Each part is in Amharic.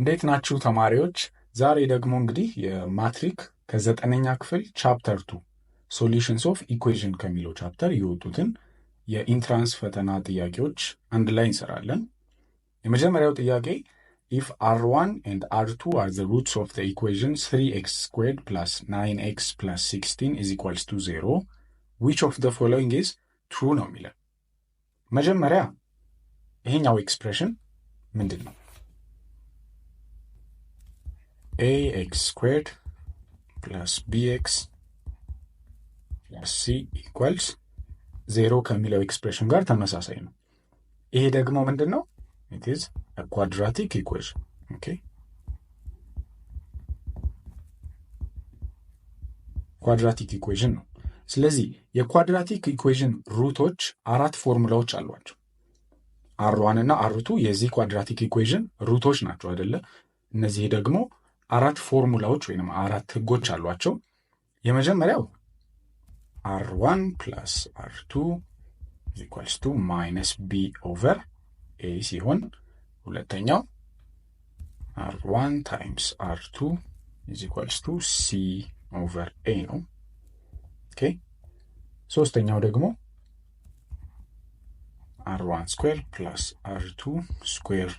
እንዴት ናችሁ ተማሪዎች? ዛሬ ደግሞ እንግዲህ የማትሪክ ከዘጠነኛ ክፍል ቻፕተር ቱ ሶሉሽንስ ኦፍ ኢኩዌዥን ከሚለው ቻፕተር የወጡትን የኢንትራንስ ፈተና ጥያቄዎች አንድ ላይ እንሰራለን። የመጀመሪያው ጥያቄ ኢፍ አር ዋን ኤንድ አር ቱ አር ዘ ሩትስ ኦፍ ዘ ኢኩዌዥን ስሪ ኤክስ ስኩዌርድ ፕላስ ናይን ኤክስ ፕላስ ሲክስቲን ኢዝ ኢኳልስ ቱ ዜሮ ዊች ኦፍ ዘ ፎሎዊንግ ኢዝ ትሩ ነው የሚለን። መጀመሪያ ይሄኛው ኤክስፕሬሽን ምንድን ነው? ax squared plus bx plus c ኢኳልስ ዜሮ ከሚለው ኤክስፕሬሽን ጋር ተመሳሳይ ነው። ይሄ ደግሞ ምንድን ነው? ኢት ኢዝ ኳድራቲክ ኢኩዌሽን ኦኬ። ኳድራቲክ ኢኩዌሽን ነው። ስለዚህ የኳድራቲክ ኢኩዌሽን ሩቶች አራት ፎርሙላዎች አሏቸው። አር ዋን እና አር ቱ የዚህ ኳድራቲክ ኢኩዌሽን ሩቶች ናቸው አይደለ? እነዚህ ደግሞ አራት ፎርሙላዎች ወይም አራት ህጎች አሏቸው። የመጀመሪያው አር ዋን ፕላስ አር ቱ ኢኳልስ ቱ ማይነስ ቢ ኦቨር ኤ ሲሆን ሁለተኛው አር ዋን ታይምስ አር ቱ ኢኳልስ ቱ ሲ ኦቨር ኤ ነው። ኦኬ ሶስተኛው ደግሞ አር ዋን ስኩዌር ፕላስ አር ቱ ስኩዌር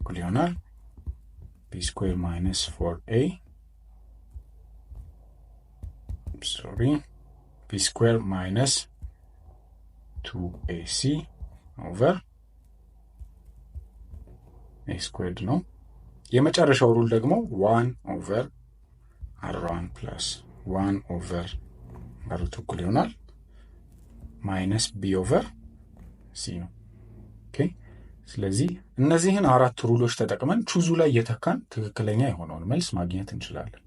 እኩል ይሆናል p square minus 4a sorry p square minus 2ac over a ስኩዌርድ ነው። የመጨረሻው ሩል ደግሞ ዋን ኦቨር አር ዋን ፕላስ ዋን ኦቨር በሩት እኩል ይሆናል ማይነስ ቢ ኦቨር ሲ ነው። ኦኬ ስለዚህ እነዚህን አራት ሩሎች ተጠቅመን ቹዙ ላይ እየተካን ትክክለኛ የሆነውን መልስ ማግኘት እንችላለን።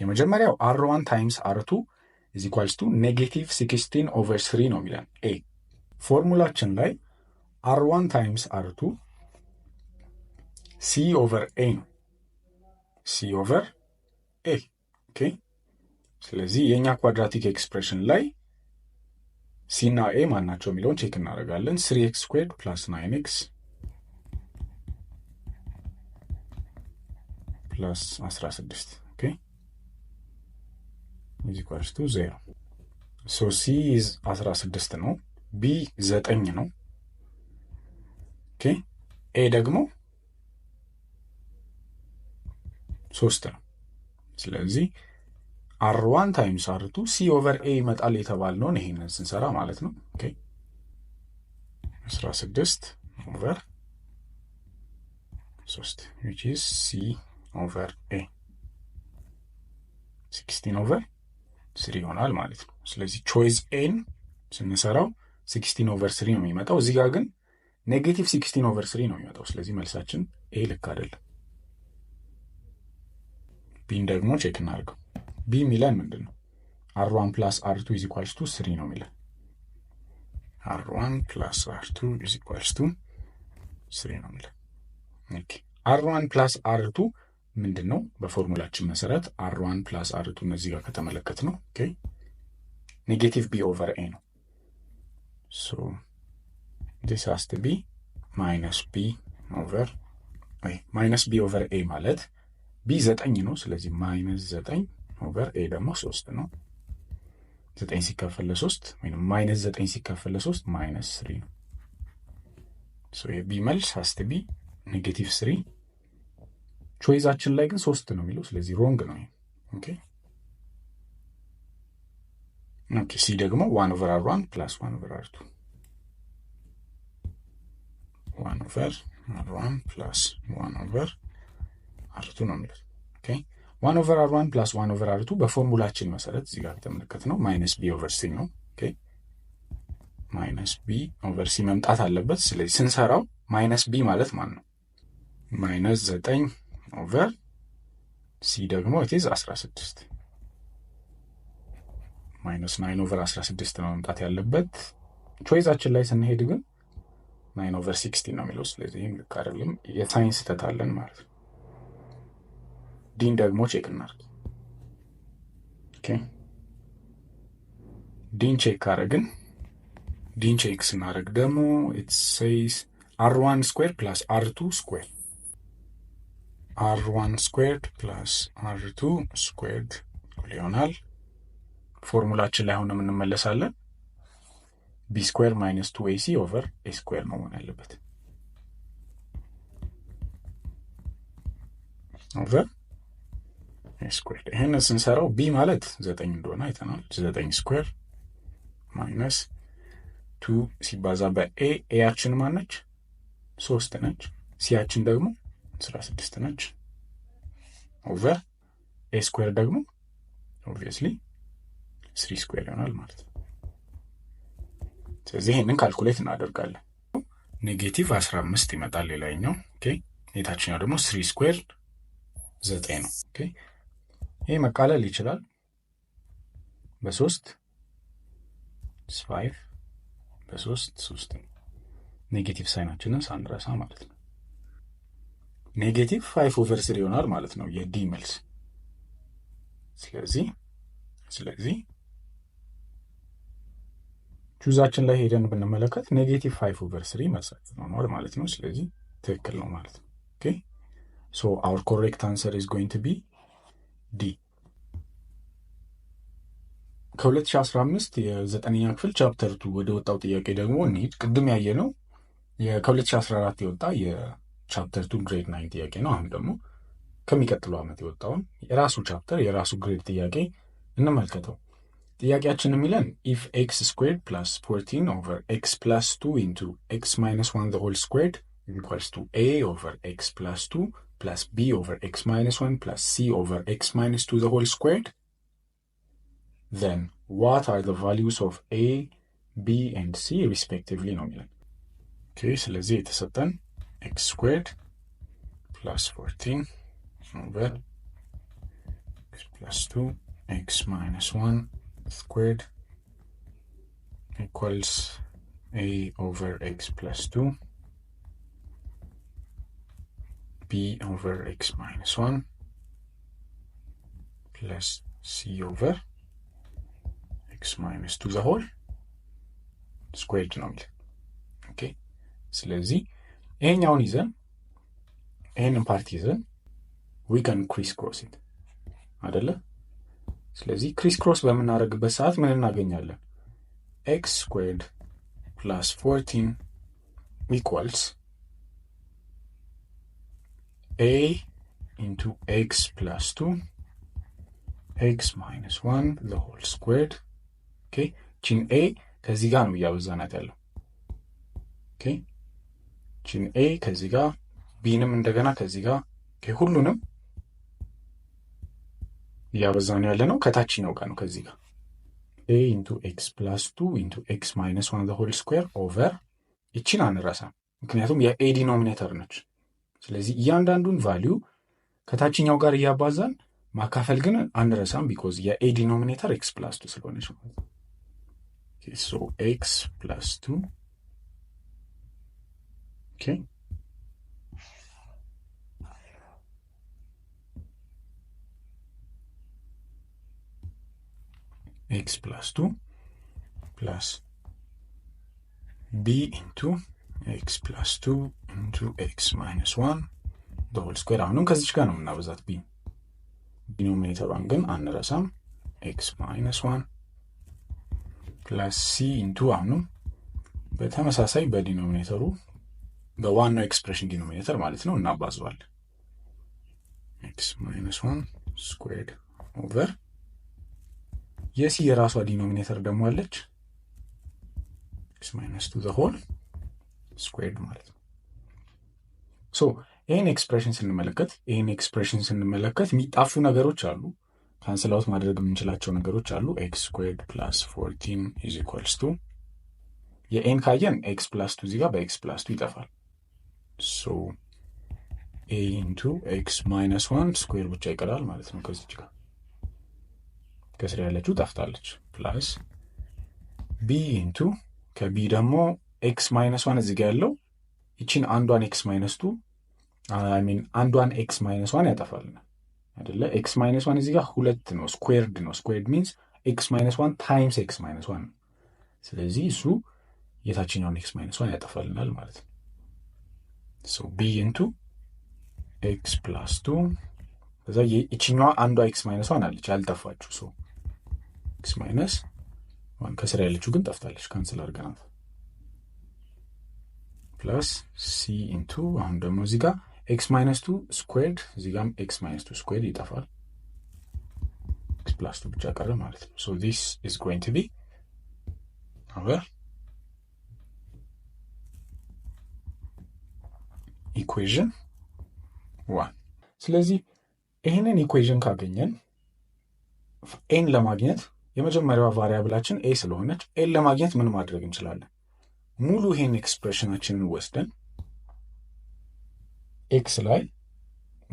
የመጀመሪያው አር ዋን ታይምስ አር ቱ ኢዝ ቱ ኔጌቲቭ ሲክስቲን ኦቨር ስሪ ነው የሚለን ኤ ፎርሙላችን ላይ አር ዋን ታይምስ አር ቱ ሲ ኦቨር ኤ ነው ሲ ኦቨር ኤ ኦኬ። ስለዚህ የእኛ ኳድራቲክ ኤክስፕሬሽን ላይ ሲና ኤ ማን ናቸው የሚለውን ቼክ እናደርጋለን። ስሪ ኤክስ ስኩዌርድ ፕላስ ናይን ኤክስ ፕላስ 16 ኦኬ ኢዝ ኢኳልስ ቱ ዜሮ። ሶ ሲ ኢዝ 16 ነው፣ ቢ ዘጠኝ ነው። ኦኬ ኤ ደግሞ ሶስት ነው። ስለዚህ አር ዋን ታይምስ አር ቱ ሲ ኦቨር ኤ ይመጣል የተባልነውን ይሄንን ስንሰራ ማለት ነው። ኦኬ 16 ኦቨር 3 which is ሲ ኦቨር ኤ 16 ኦቨር 3 ይሆናል ማለት ነው። ስለዚህ ቾይስ ኤን ስንሰራው 16 ኦቨር 3 ነው የሚመጣው። እዚህ ጋር ግን ኔጌቲቭ 16 ኦቨር 3 ነው የሚመጣው። ስለዚህ መልሳችን ኤ ልክ አይደለም። ቢን ደግሞ ቼክ እናደርገው ቢ የሚለን ምንድን ነው? አር ፕላስ አር ኢዚኳልስቱ ስሪ ነው የሚለን። አር ፕላስ አር ኢዚኳልስቱ ስሪ ነው የሚለን። አር ፕላስ አር ምንድን ነው? በፎርሙላችን መሰረት አር ፕላስ አር እነዚህ ጋር ከተመለከት ነው ኔጌቲቭ ቢ ኦቨር ኤ ነው። ሶ ዲስ ሀስ ቢ ማይነስ ቢ ኦቨር ማይነስ ቢ ኦቨር ኤ ማለት ቢ ዘጠኝ ነው። ስለዚህ ማይነስ ዘጠኝ ኦቨር ኤ ደግሞ ሶስት ነው። ዘጠኝ ሲካፈል ለሶስት ወይም ማይነስ ዘጠኝ ሲካፈል ለሶስት ማይነስ ስሪ ነው። የቢ መልስ ሀስት ቢ ኔጌቲቭ ስሪ። ቾይዛችን ላይ ግን ሶስት ነው የሚለው ስለዚህ ሮንግ ነው። ኦኬ ኦኬ። ሲ ደግሞ ዋን ኦቨር አር ዋን ፕላስ ዋን ኦቨር አር ቱ ዋን ኦቨር አር ዋን ፕላስ ዋን ኦቨር አርቱ ነው የሚሉት። ዋን ኦቨር አር ዋን ፕላስ ዋን ኦቨር አርቱ በፎርሙላችን መሰረት እዚህ ጋር የተመለከት ነው ማይነስ ቢ ኦቨር ሲ ነው። ማይነስ ቢ ኦቨር ሲ መምጣት አለበት። ስለዚህ ስንሰራው ማይነስ ቢ ማለት ማን ነው? ማይነስ ዘጠኝ ኦቨር ሲ ደግሞ ቴዝ አስራ ስድስት ማይነስ ናይን ኦቨር አስራ ስድስት ነው መምጣት ያለበት። ቾይዛችን ላይ ስንሄድ ግን ናይን ኦቨር ሲክስቲን ነው የሚለው። ስለዚህ ይህም ልክ አይደለም። የሳይንስ ስህተት አለን ማለት ነው። ዲን ደግሞ ቼክ እናርግ። ዲን ቼክ ካረግን ዲን ቼክ ስናደርግ ደግሞ ኢትስ አር ዋን ስኩዌር ፕላስ አር ቱ ስኩዌር አር ዋን ስኩዌርድ ፕላስ አር ቱ ስኩዌርድ ይሆናል። ፎርሙላችን ላይ አሁን እንመለሳለን። ቢ ስኩዌር ማይነስ ቱ ኤሲ ኦቨር ኤ ስኩዌር መሆን ያለበት ኦቨር ስኩዌርድ። ይህንን ስንሰራው ቢ ማለት ዘጠኝ እንደሆነ አይተናል። ዘጠኝ ስኩዌር ማይነስ ቱ ሲባዛ በኤ ኤያችን ማነች? ሶስት ነች። ሲያችን ደግሞ አስራ ስድስት ነች። ኦቨር ኤ ስኩዌር ደግሞ ኦብቪየስሊ ስሪ ስኩዌር ይሆናል ማለት ነው። ስለዚህ ይህንን ካልኩሌት እናደርጋለን። ኔጌቲቭ አስራ አምስት ይመጣል ሌላኛው። ኦኬ የታችኛው ደግሞ ስሪ ስኩዌር ዘጠኝ ነው። ኦኬ ይህ መቃለል ይችላል። በሶስት ፋይቭ በሶስት ሶስት ኔጌቲቭ ሳይናችንን ሳንረሳ ማለት ነው። ኔጌቲቭ ፋይቭ ኦቨር ስሪ ይሆናል ማለት ነው የዲ መልስ። ስለዚህ ስለዚህ ቹዛችን ላይ ሄደን ብንመለከት ኔጌቲቭ ፋይቭ ኦቨር ስሪ መጻፍ ነው ማለት ነው። ስለዚህ ትክክል ነው ማለት ነው። ኦኬ ሶ አውር ኮሬክት አንሰር ኢዝ ጎይንግ ቱ ቢ ዲ ከ2015 የዘጠነኛ ክፍል ቻፕተር ቱ ወደ ወጣው ጥያቄ ደግሞ እንሂድ። ቅድም ያየ ነው ከ2014 የወጣ የቻፕተር ቱ ግሬድ ናይን ጥያቄ ነው። አሁን ደግሞ ከሚቀጥለው ዓመት የወጣውን የራሱ ቻፕተር የራሱ ግሬድ ጥያቄ እንመልከተው። ጥያቄያችን የሚለን ኢፍ ኤክስ ስኩዌርድ ፕላስ ፎርቲን ኦቨር ኤክስ ፕላስ ቱ ኢንቱ ኤክስ ማይነስ ዋን ዘ ሆል ስኩዌርድ ኢኳልስ ቱ ኤ ኦቨር ኤክስ ፕላስ ቱ plus b over x minus 1 plus c over x minus 2 the whole squared. Then what are the values of a, b, and c respectively nominally? Okay, so let's ስለዚህ ten x squared plus 14 over x plus 2 x minus 1 squared equals a over x plus 2 b over x minus 1 plus c over x minus 2 the whole ስኩዌርድ ነው የሚል ኦኬ። ስለዚህ ይሄኛውን ይዘን ይሄንን ፓርቲ ይዘን ዊ ከን ክሪስ ክሮስ ኢት አደለ። ስለዚህ ክሪስ ክሮስ በምናደርግበት ሰዓት ምን እናገኛለን? ኤክስ ስኩዌርድ ፕላስ ፎርቲን ኢኳልስ a into x plus 2 x minus 1 the whole squared okay chin a ከዚህ ጋር ነው እያበዛናት ያለው ኦኬ ቺን ኤ ከዚህ ጋር ቢንም እንደገና ከዚህ ጋር ኦኬ ሁሉንም እያበዛን ያለ ነው ከታችኛው ጋር ነው ከዚህ ጋር ኤ ኢንቱ ኤክስ ፕላስ ቱ ኢንቱ ኤክስ ማይነስ ዋን ዘ ሆል ስኩዌር ኦቨር ይቺን አንረሳም ምክንያቱም የኤ ዲኖሚኔተር ነች ስለዚህ እያንዳንዱን ቫሊዩ ከታችኛው ጋር እያባዛን ማካፈል ግን አንረሳም። ቢኮዝ የኤ ዲኖሚኔተር ኤክስ ፕላስ ቱ ስለሆነች ማለት ነው። ሶ ኤክስ ፕላስ ቱ ኦኬ ኤክስ ፕላስ ቱ ፕላስ ቢ ኢንቱ ኤክስ ፕላስ ቱ ኢንቱ ኤክስ ማይነስ ዋን ዶል ስኩዌር አሁንም ከዚች ጋር ነው የምናበዛት ቢ ዲኖሚኔተሯን ግን አንረሳም። ኤክስ ማይነስ ዋን ፕላስ ሲ ኢንቱ አሁንም በተመሳሳይ በዲኖሚኔተሩ በዋናው ኤክስፕሬሽን ዲኖሚኔተር ማለት ነው እናባዘዋለን። x minus 1 squared ኦቨር የሲ የራሷ ዲኖሚኔተር ደግሞ አለች x minus 2 the whole ስኩዌርድ ማለት ነው። ሶ ይህን ኤክስፕሬሽን ስንመለከት ይህን ኤክስፕሬሽን ስንመለከት የሚጣፉ ነገሮች አሉ፣ ካንስል አውት ማድረግ የምንችላቸው ነገሮች አሉ። ኤክስ ስኩዌርድ ፕላስ ፎርቲን ኢዝ ኢኳልስ ቱ የኤን ካየን ኤክስ ፕላስ ቱ እዚህ ጋር በኤክስ ፕላስ ቱ ይጠፋል። ሶ ኤ ኢንቱ ኤክስ ማይነስ ዋን ስኩዌር ብቻ ይቀራል ማለት ነው። ከዚች ጋር ከስር ያለችው ጠፍታለች። ፕላስ ቢ ኢንቱ ከቢ ደግሞ ኤክስ ማይነስዋን እዚህ ጋ ያለው ይችን አንዷን ኤክስ ማይነስ ቱ ሚን አንዷን ኤክስ ማይነስዋን ያጠፋልናል አይደለ? ኤክስ ማይነሷን እዚህ ጋ ሁለት ነው፣ ስኩዌርድ ነው። ስኩዌርድ ሚንስ ኤክስ ዋን ታይምስ ኤክስ ማይነሷን ነው። ስለዚህ እሱ የታችኛውን ኤክስ ዋን ያጠፋልናል ማለት ነው። ቢ ኢንቱ ኤክስ ፕላስ ቱ ከዛ ይችኛዋ አንዷ ኤክስ ዋን አለች አልጠፋችሁ ሶ ኤክስ ማይነስ ከስራ ያለችው ግን ጠፍታለች፣ ካንስል አድርገናት ፕላስ ሲ ኢንቱ አሁን ደግሞ እዚህ ጋር ኤክስ ማይነስ ቱ ስኩዌርድ እዚህ ጋም ኤክስ ማይነስ ቱ ስኩዌርድ ይጠፋል። ኤክስ ፕላስ ቱ ብቻ ቀረ ማለት ነው። ሶ ዚስ ኢዝ ጎይንግ ቱ ቢ አወር ኢኩዌዥን ዋን። ስለዚህ ይህንን ኢኩዌዥን ካገኘን ኤን ለማግኘት የመጀመሪያዋ ቫሪያብላችን ኤ ስለሆነች ኤን ለማግኘት ምን ማድረግ እንችላለን? ሙሉ ይሄን ኤክስፕሬሽናችንን ወስደን ኤክስ ላይ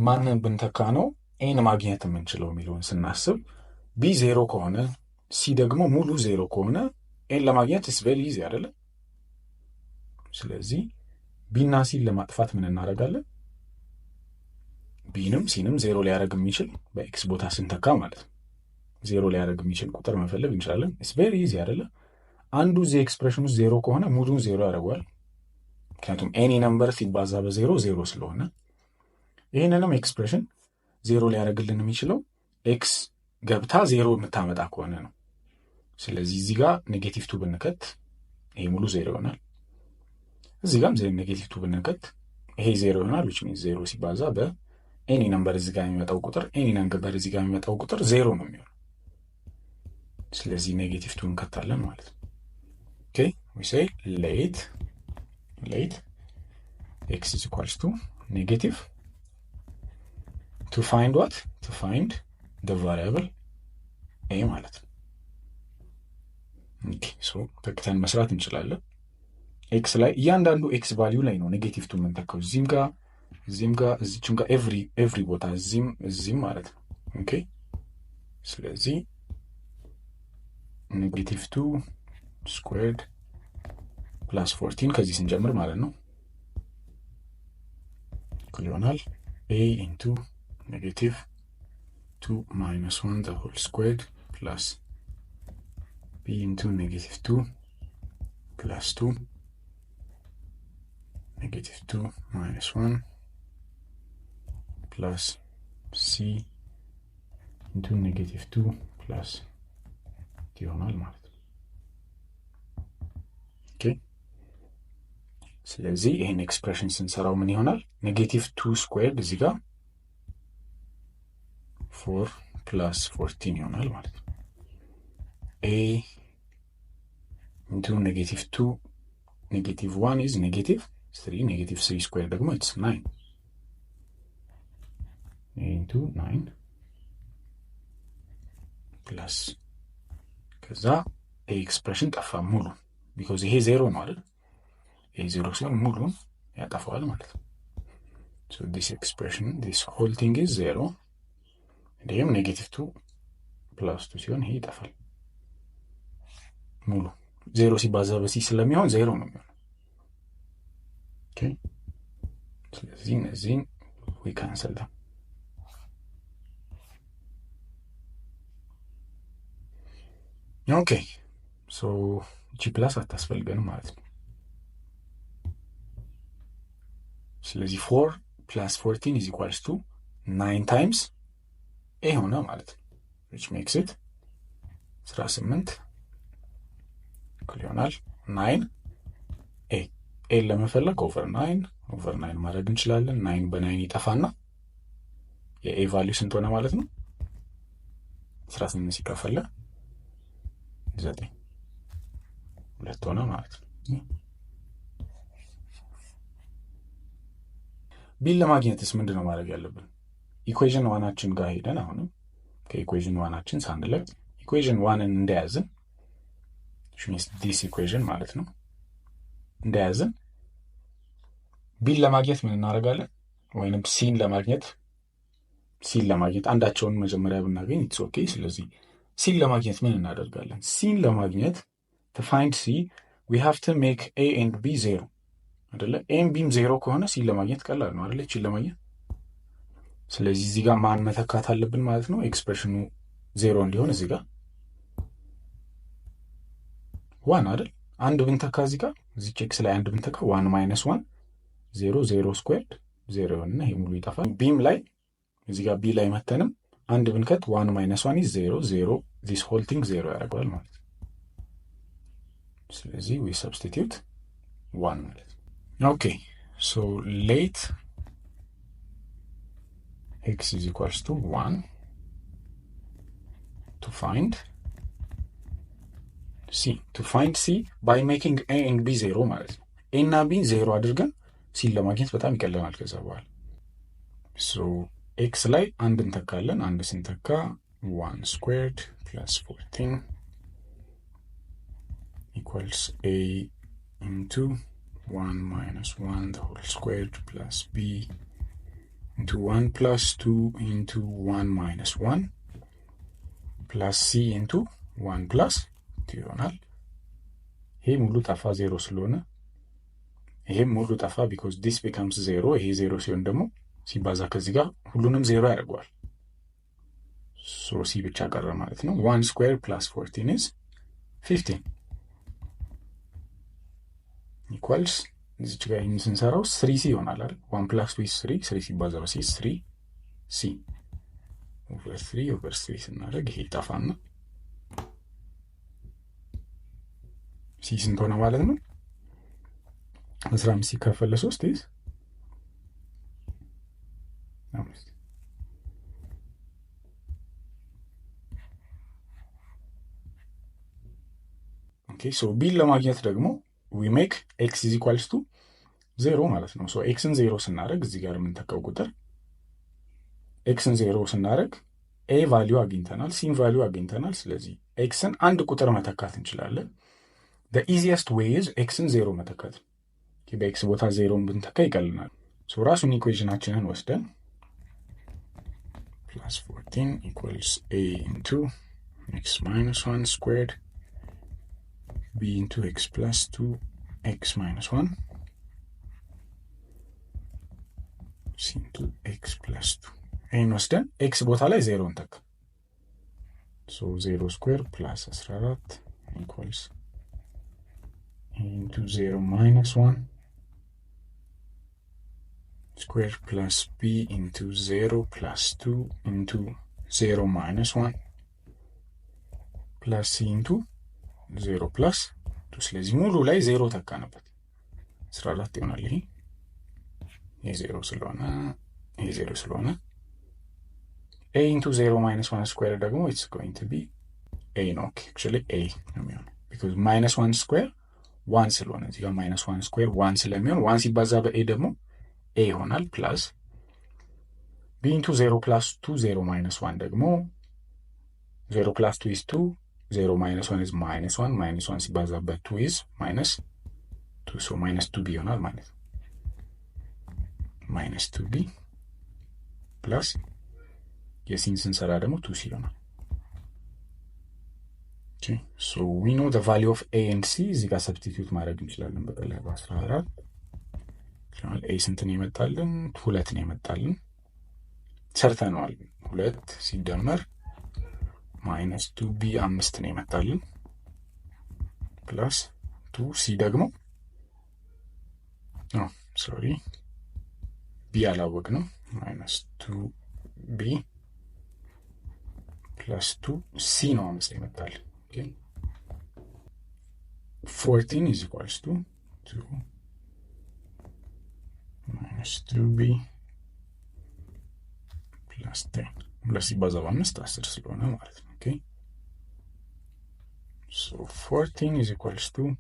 ማንን ብንተካ ነው ኤን ማግኘት የምንችለው የሚለውን ስናስብ ቢ ዜሮ ከሆነ ሲ ደግሞ ሙሉ ዜሮ ከሆነ ኤን ለማግኘት ስ ቬሪ ኢዚ አይደለም። ስለዚህ ቢና ሲን ለማጥፋት ምን እናደርጋለን? ቢንም ሲንም ዜሮ ሊያደርግ የሚችል በኤክስ ቦታ ስንተካ ማለት ነው ዜሮ ሊያደርግ የሚችል ቁጥር መፈለግ እንችላለን። ስ ቬሪ ኢዚ አደለም። አንዱ እዚህ ኤክስፕሬሽኑ ዜሮ ከሆነ ሙሉን ዜሮ ያደርገዋል። ምክንያቱም ኤኒ ነምበር ሲባዛ በዜሮ ዜሮ ስለሆነ ይህንንም ኤክስፕሬሽን ዜሮ ሊያደርግልን የሚችለው ኤክስ ገብታ ዜሮ የምታመጣ ከሆነ ነው። ስለዚህ እዚህ ጋር ኔጌቲቭ ቱ ብንከት ይሄ ሙሉ ዜሮ ይሆናል። እዚህ ጋም ኔጌቲቭ ቱ ብንከት ይሄ ዜሮ ይሆናል። ዊች ሚንስ ዜሮ ሲባዛ በኤኒ ነምበር እዚህ ጋር የሚመጣው ቁጥር ኤኒ ነምበር እዚህ ጋር የሚመጣው ቁጥር ዜሮ ነው የሚሆነው። ስለዚህ ኔጌቲቭ ቱ እንከታለን ማለት ነው። Okay, we say late late x is equals to negative to find what? To find the variable a ማለት ተክተን መስራት እንችላለን። ኤክስ ላይ እያንዳንዱ ኤክስ ቫሊዩ ላይ ነው ኔጌቲቭ ቱ የምንተካው እዚህም ጋር እዚህም ጋር እዚችም ጋር ኤቭሪ ቦታ እዚህም እዚህም ማለት ነው። ኦኬ ስለዚህ ኔጌቲቭ ቱ squared plus 14 because this in general matter no equal a into negative 2 minus 1 the whole squared plus b into negative 2 plus 2 negative 2 minus 1 plus c into negative 2 plus diagonal matter ስለዚህ ይህን ኤክስፕሬሽን ስንሰራው ምን ይሆናል? ኔጌቲቭ ቱ ስኩዌርድ እዚህ ጋር ፎር ፕላስ ፎርቲን ይሆናል ማለት ነው። ኤ ኢንቱ ኔጌቲቭ ቱ ኔጌቲቭ ዋን ኢዝ ኔጌቲቭ ስሪ ኔጌቲቭ ስሪ ስኩዌር ደግሞ ኢትስ ናይን ኢንቱ ናይን ፕላስ ከዛ ኤ ኤክስፕሬሽን ጠፋ ሙሉ because he zero model he zero is zero zero so this expression this whole thing is zero and here negative two plus two zero he tafal mulu zero si baza basi salamion zero okay so zin zin we cancel them okay so እቺ ፕላስ አታስፈልገንም ማለት ነው። ስለዚህ ፎር ፕላስ ፎርቲን ኢዝ ኢኳልስ ቱ ናይን ታይምስ ኤ ሆነ ማለት ነው። ዊች ሜክስ ኢት አስራ ስምንት እኩል ይሆናል ናይን ኤ። ኤን ለመፈለግ ኦቨር ናይን ኦቨር ናይን ማድረግ እንችላለን። ናይን በናይን ይጠፋና የኤ ቫሊዩ ስንት ሆነ ማለት ነው? አስራ ስምንት ሲከፈለ ዘጠኝ ሁለት ሆነ ማለት ነው። ቢል ለማግኘትስ ምንድን ነው ማድረግ ያለብን? ኢኩዌዥን ዋናችን ጋር ሄደን አሁንም ከኢኩዌዥን ዋናችን ሳንለቅ ኢኩዌዥን ዋንን እንደያዝን ሚንስ ዲስ ኢኩዌዥን ማለት ነው እንደያዝን ቢል ለማግኘት ምን እናደርጋለን? ወይንም ሲን ለማግኘት ሲን ለማግኘት አንዳቸውን መጀመሪያ ብናገኝ ኢትስ ኦኬ። ስለዚህ ሲን ለማግኘት ምን እናደርጋለን? ሲን ለማግኘት ቱ ፋይንድ ሲ ዊ ሃቭ ቱ ሜክ ኤ ኤንድ ቢ ዜሮ አደለ? ኤም ቢም ዜሮ ከሆነ ሲን ለማግኘት ቀላል ነው አደለ? ቺን ለማግኘት ስለዚህ እዚህ ጋር ማን መተካት አለብን ማለት ነው። ኤክስፕሬሽኑ ዜሮ እንዲሆን እዚህ ጋር ዋን አይደል? አንድ ብንተካ እዚህ ጋር እዚህ ቼክስ ላይ አንድ ብንተካ ዋን ማይነስ ዋን ዜሮ ዜሮ ስኩዌርድ ዜሮ ይሆንና ይሄ ሙሉ ይጠፋል። ቢም ላይ እዚህ ጋር ቢ ላይ መተንም አንድ ብንከት ዋን ማይነስ ዋን ኢዝ ዜሮ ዜሮ ዚስ ሆል ዜሮ ያደርገዋል ማለት ነው። ስለዚህ ዊ ሰብስቲቲዩት ዋን ማለት ነው። ኦኬ ሶ ሌት ኤክስ ኢዝ ኢኳልስ ቱ ዋን ቱ ፋይንድ ሲ ቱ ፋይንድ ሲ ባይ ሜኪንግ ኤ ኤንድ ቢ ዜሮ ማለት ነው። ኤ እና ቢ ዜሮ አድርገን ሲን ለማግኘት በጣም ይቀለናል። ከዛ በኋላ ሶ ኤክስ ላይ አንድ እንተካለን። አንድ ስንተካ ዋን ስኩዌርድ ፕላስ ፎርቲን equals a into 1 minus 1 the whole squared plus b into 1 plus 2 into 1 minus 1 ፕላስ ሲ ኢንቱ ዋን ፕላስ ቱ ይሆናል። ይሄ ሙሉ ጠፋ ዜሮ ስለሆነ ይሄም ሙሉ ጠፋ ቢኮዝ ዲስ ቢካምስ ዜሮ። ይሄ ዜሮ ሲሆን ደግሞ ሲባዛ ከዚህ ጋር ሁሉንም ዜሮ ያደርገዋል። ሶ ሲ ብቻ ቀረ ማለት ነው። ዋን ስኩዌር ፕላስ ፎርቲን ኢዝ ፊፍቲን ኢኳልስ እዚች ጋር ይህን ስንሰራው ስሪ ሲ ይሆናል አይደል? ዋን ፕላስ ቱ ኢዝ ስሪ ስሪ ሲባዛሮ ሲ ስሪ ሲ ኦቨር ስሪ ኦቨር ስሪ ስናደርግ ይሄ ይጠፋና ሲ ስንት ሆነ ማለት ነው? አስራ አምስት ሲካፈል ለሶስት ይስ አምስት ኦኬ ሶ ቢን ለማግኘት ደግሞ ዊ ሜክ ኤክስ ኢዝ ኢኳልስ ቱ ዜሮ ማለት ነው። ኤክስን ዜሮ ስናደረግ እዚህ ጋር የምንተካው ቁጥር ኤክስን ዜሮ ስናደረግ ኤ ቫሊዩ አግኝተናል፣ ሲን ቫሊዩ አግኝተናል። ስለዚህ ኤክስን አንድ ቁጥር መተካት እንችላለን። ኢዚየስት ዌይዝ ኤክስን ዜሮ መተካት በኤክስ ቦታ ዜሮን ብንተካ ይቀልናል። ሶ ራሱን ኢኩዌዥናችንን ወስደን ፕላስ ፎርቲን ኢኩዋልስ ኤ ኢንቱ ኤክስ ማይነስ ዋን ስኩዌርድ b into x plus 2 x minus 1 c into x plus 2 and what's x both is 0 on tak. so 0 square plus as rarat equals into 0 minus 1 square plus b into 0 plus 2 into 0 minus 1 plus c into ዜሮ ፕላስ ስለዚህ ሙሉ ላይ ዜሮ ተካንበት አስራ አራት ይሆናል። ይሄ የዜሮ ስለሆነ የዜሮ ስለሆነ ኤ ኢንቱ ዜሮ ማይነስ ዋን ስኩዌር ደግሞ ኢትስ ጎይንግ ቱ ቢ ኤ ነው። ኦኬ አክቹዋሊ ኤ ነው የሚሆነው ቢኮዝ ማይነስ ዋን ስኩዌር ዋን ስለሆነ እዚህ ጋር ማይነስ ዋን ስኩዌር ዋን ስለሚሆን ዋን ሲባዛ በኤ ደግሞ ኤ ይሆናል። ፕላስ ቢ ኢንቱ ዜሮ ፕላስ ቱ ዜሮ ማይነስ ዋን ደግሞ ዜሮ ፕላስ ቱ ኢስ ቱ ዜሮ ማይነስ ዋን ኢዝ ማይነስ ዋን ማይነስ ዋን ሲባዛ በቱ ኢዝ ማይነስ ቱ ሶ ማይነስ ቱ ቢ ይሆናል ማለት ነው። ማይነስ ቱ ቢ ፕላስ የሲን ስንሰራ ደግሞ ቱ ሲ ይሆናል። ሶ ዊ ኖ ዘ ቫሊዩ ኦፍ ኤ ኤንድ ሲ እዚህ ጋር ሰብስቲቲዩት ማድረግ እንችላለን። በላይ በአስራ አራት ኤ ስንት ነው የመጣልን? ሁለት ነው የመጣልን። ሰርተነዋል። ሁለት ሲደመር ማይነስ ቱ ቢ አምስት ነው የመጣልን። ፕላስ ቱ ሲ ደግሞ ሶሪ ቢ አላወቅ ነው ማይነስ ቱ ቢ ፕላስ ቱ ሲ ነው አምስት ይመጣልን ፎርቲን ኢዝ ኢኳልስ ቱ ቱ ማይነስ ቱ ቢ ፕላስ ቴን ሁለት ሲባዛ በአምስት አስር ስለሆነ ማለት ነው። okay so 14 is equals to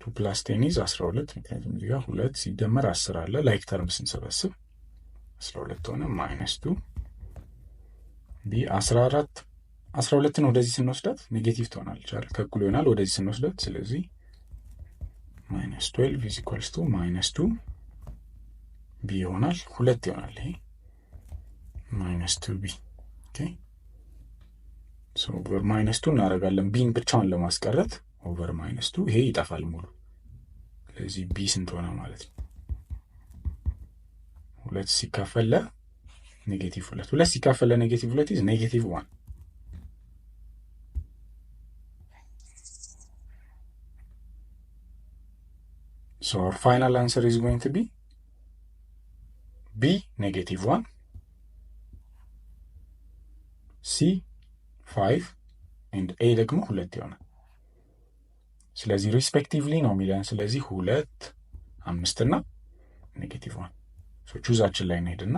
2 plus 10 is 12 ምክንያቱም እዚህ ጋር 2 ሲደመር 10 አለ ላይክ ተርም ስንሰበስብ 12 ሆነ ማይነስ 2 ቢ 14 12ን ወደዚህ ስንወስዳት ኔጌቲቭ ትሆናለች አይደል ከእኩል ይሆናል ወደዚህ ስንወስዳት ስለዚህ ማይነስ 12 is equals to ማይነስ 2 ቢ ይሆናል ሁለት ይሆናል ይሄ ማይነስ 2 ቢ ኦኬ ኦቨር ማይነስ ቱ እናደርጋለን ቢን ብቻውን ለማስቀረት ኦቨር ማይነስ ቱ ይሄ ይጠፋል ሙሉ። ስለዚህ ቢ ስንት ሆነ ማለት ነው? ሁለት ሲካፈል ለኔጌቲቭ ሁለት ሁለት ሲካፈል ለኔጌቲቭ ሁለት ኢዝ ኔጌቲቭ ዋን። ሶ አወር ፋይናል አንሰር ኢዝ ጎይንግ ቱ ቢ ቢ ኔጌቲቭ ዋን ሲ ፋይቭ ኤንድ ኤ ደግሞ ሁለት ይሆናል። ስለዚህ ሪስፔክቲቭሊ ነው የሚለን። ስለዚህ ሁለት አምስትና እና ኔጌቲቭ ዋን ቹዛችን ላይ እንሄድና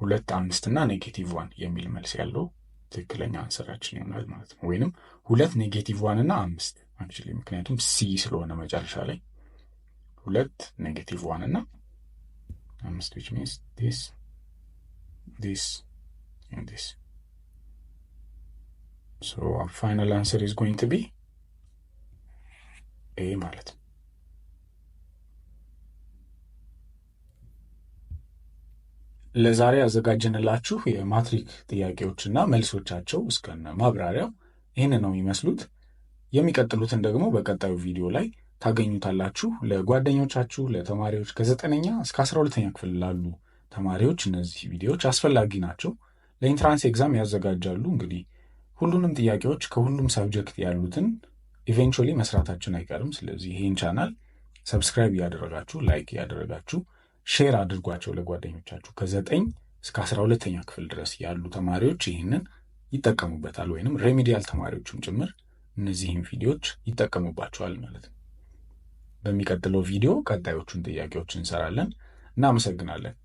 ሁለት አምስትና እና ኔጌቲቭ ዋን የሚል መልስ ያለው ትክክለኛ አንሰራችን ይሆናል ማለት ነው። ወይንም ሁለት ኔጌቲቭ ዋን እና አምስት አክቹዋሊ ምክንያቱም ሲ ስለሆነ መጨረሻ ላይ ሁለት ኔጌቲቭ ዋን እና አምስት ዊች ሚንስ ዲስ ዲስ ዲስ ሶ ፋይናል አንሰር ኢዝ ጎይንግ ቱ ቢ ኤ ማለት ለዛሬ አዘጋጀንላችሁ የማትሪክ ጥያቄዎችና መልሶቻቸው እስከነ ማብራሪያው ይህን ነው የሚመስሉት። የሚቀጥሉትን ደግሞ በቀጣዩ ቪዲዮ ላይ ታገኙታላችሁ። ለጓደኞቻችሁ፣ ለተማሪዎች ከዘጠነኛ እስከ አስራ ሁለተኛ ክፍል ላሉ ተማሪዎች እነዚህ ቪዲዮዎች አስፈላጊ ናቸው። ለኢንትራንስ ኤግዛም ያዘጋጃሉ እንግዲህ ሁሉንም ጥያቄዎች ከሁሉም ሰብጀክት ያሉትን ኢቬንቹዋሊ መስራታችን አይቀርም። ስለዚህ ይህን ቻናል ሰብስክራይብ እያደረጋችሁ ላይክ እያደረጋችሁ ሼር አድርጓቸው ለጓደኞቻችሁ። ከዘጠኝ እስከ አስራ ሁለተኛ ክፍል ድረስ ያሉ ተማሪዎች ይህንን ይጠቀሙበታል፣ ወይንም ሬሚዲያል ተማሪዎችም ጭምር እነዚህም ቪዲዮዎች ይጠቀሙባቸዋል ማለት ነው። በሚቀጥለው ቪዲዮ ቀጣዮቹን ጥያቄዎች እንሰራለን። እናመሰግናለን።